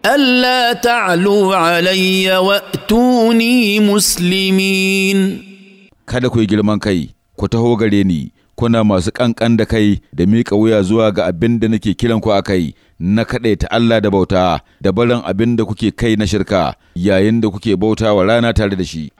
Allah تعلوا علي وأتوني مسلمين kada ku yi girman kai ku taho gare ni kuna masu ƙanƙan da kai da miƙa wuya zuwa ga abin da nake kiran ku a kai na kaɗai ta Allah da bauta da barin abin da kuke kai na shirka yayin da kuke bauta wa rana tare da shi